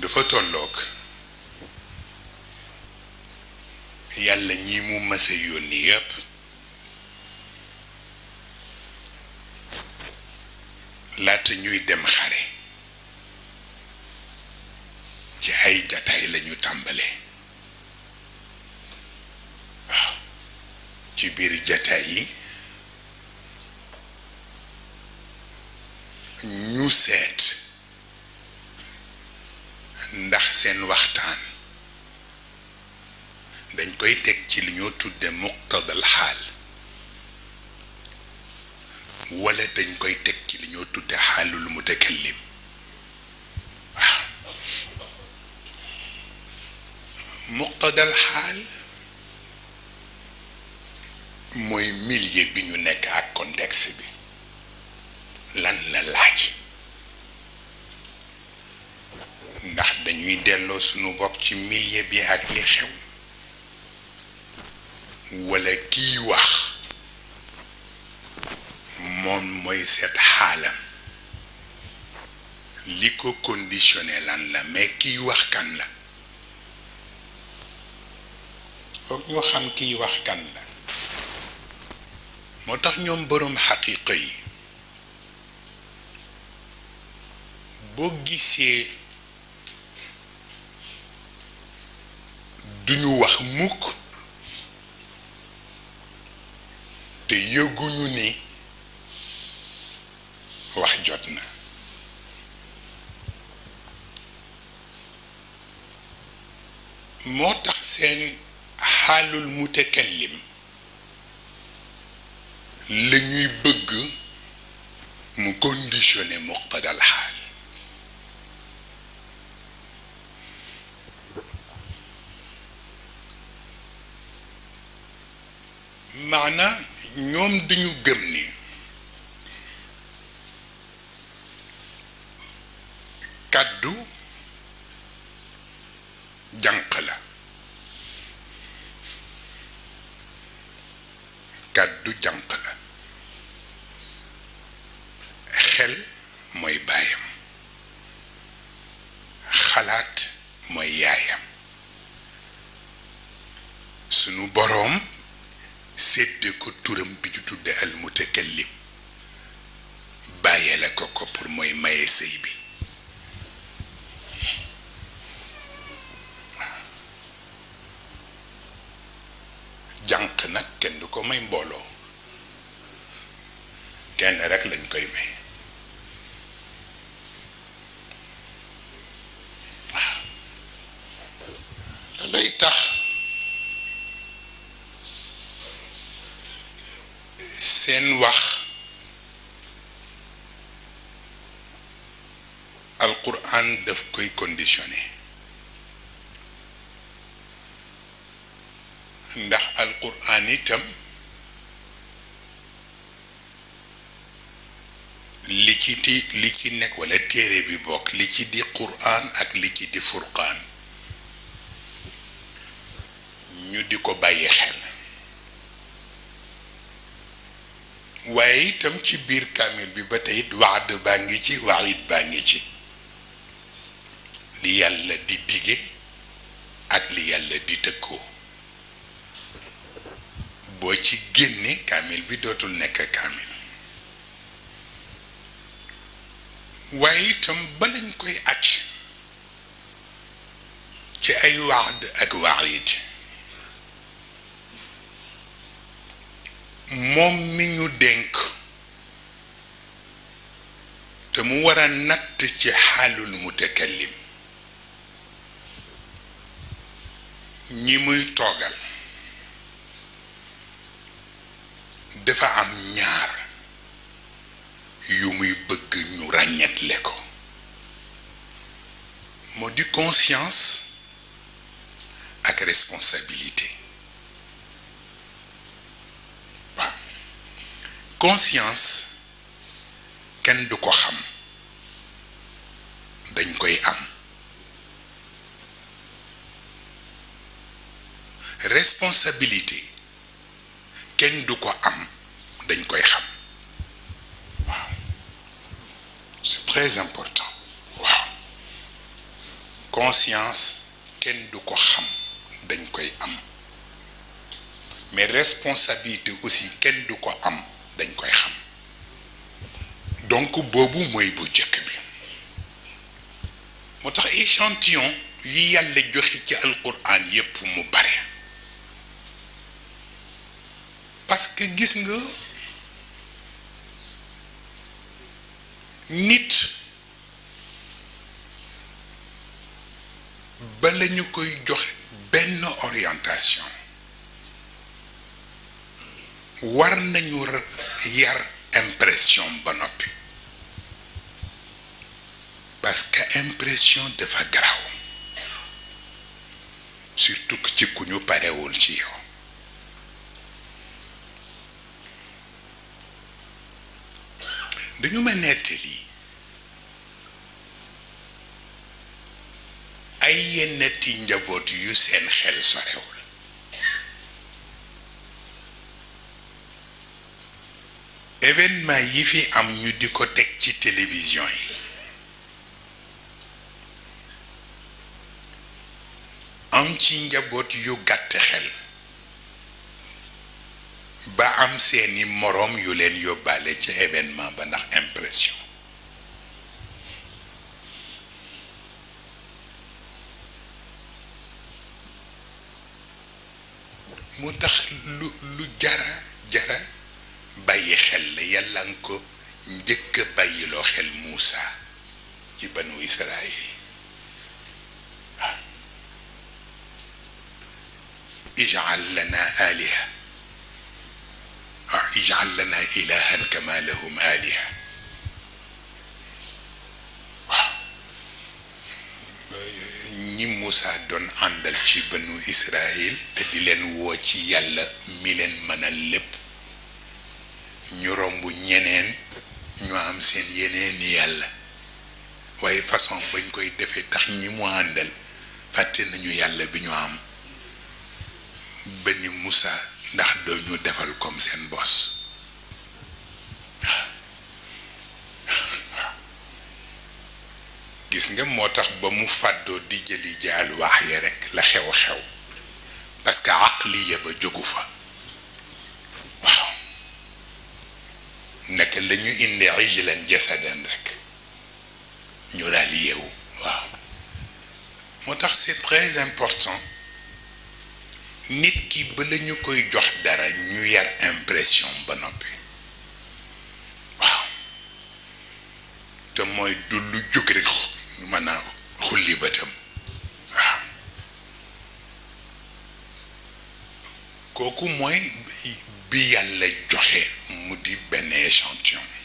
dafa tollook yàlla ñi mu mësa yónni yépp laata ñuy dem xare ci ay jataay lañu tàmbalee waaw ci biir jataay yi ñu seet ndax seen waxtaan dañ koy teg ci li ñoo tudde muqtadal xaal wala dañ koy teg ci li ñoo tudde xaalul mutakallim muqtadal xaal mooy milier bi ñu nekk ak contexte bi lan la laaj ndax dañuy delloo sunu bopp ci milieu bi ak li xew walla kiy wax moom mooy seet xaalam li ko conditionné lan la mais kiy wax kan la foog ñu xam kiy wax kan la moo tax ñoom boroom xaqiqa yi boo gisee يحجرنا موتخ سين حال المتكلم لني بغ مكونديشوني مقتضى الحال معنى يوم دنيو جمني jànq la kàddu jànq la xel mooy baayam xalaat mooy yaayam sunu boroom sédde ko turam bi ñu tudde al mutakallim bàyyee la ko ko pour mooy maye sëy jànq nag kenn du ko may mbooloo kenn rek lañ koy may waaw lay tax seen wax alquran daf koy conditionné ndax alquran itam li ci di li ci nekk wala téré bi bok li ci di quran ak li ci di furqan ñu di ko bàyyi xel waye itam ci biir kamil bi ba tey waad baa ngi ci waid baa ngi ci li yàlla di digge ak li yàlla di tëkkoo boo ci génne kaamil bi dootul nekk kaamil waaye itam balañ koy acc ci ay waxd ak waxiit moom mi ñu dénk te mu war a natt ci xaalul mutakallim ñi muy toogal dafa am ñaar yu muy bëgg ñu ràññetle ko moo di conscience ak responsabilité waaw conscience kenn du ko xam dañ koy am responsabilité ken du ko am dañ koy xam c'est très important waaw conscience ken du ko xam dañ koy am mais responsabilité aussi ken du ko am dañ koy xam donc boobu mooy bu jëkk bi moo tax échantillon yi yàlla joxe ci alquran yépp mu bare parce que gis nga nit ba la koy jox benn orientation war nañu yar impression ba noppi parce que impression dafa garaaw surtout ci ku ñu parewul ci yow dañu ma nettali ay yennati njaboot yu seen xel sorewul événement yi fi am ñu di ko teg ci télévision yi am ci njaboot yu gàtt xel ba am seeni morom yu leen yóbbaale ci événement ba ndax impression mu tax lu lu jara jara bàyyi xel la yàlla ko njëkk a bàyyiloo xel Muusa ci banu Israel ij'al lana aliha يرفع اجعل لنا إلها كما لهم آلهة ñi Moussa doon àndal ci bënu Israël te di leen woo ci yàlla mi leen mënal lépp ñu romb ñeneen ñu am seen yeneen yàlla waaye façon bañ koy defee tax ñi mu àndal fàtte nañu yàlla bi ñu am bëni Moussa ndax duñu defal comme sen boss gis nga motax ba mu faddo di jeli jaal waax yi rek la xew-xew parce que aqliya ba jogu fa waaw naka la ñu indi ijlan jasadan rek ñu daal yew waaw motax c'est très important nit ki ba la koy jox dara ñu yar impression ba noppi waaw te mooy du lu mën a xulli bëtam waaw kooku mooy bi yàlla joxe mu di benn échantillon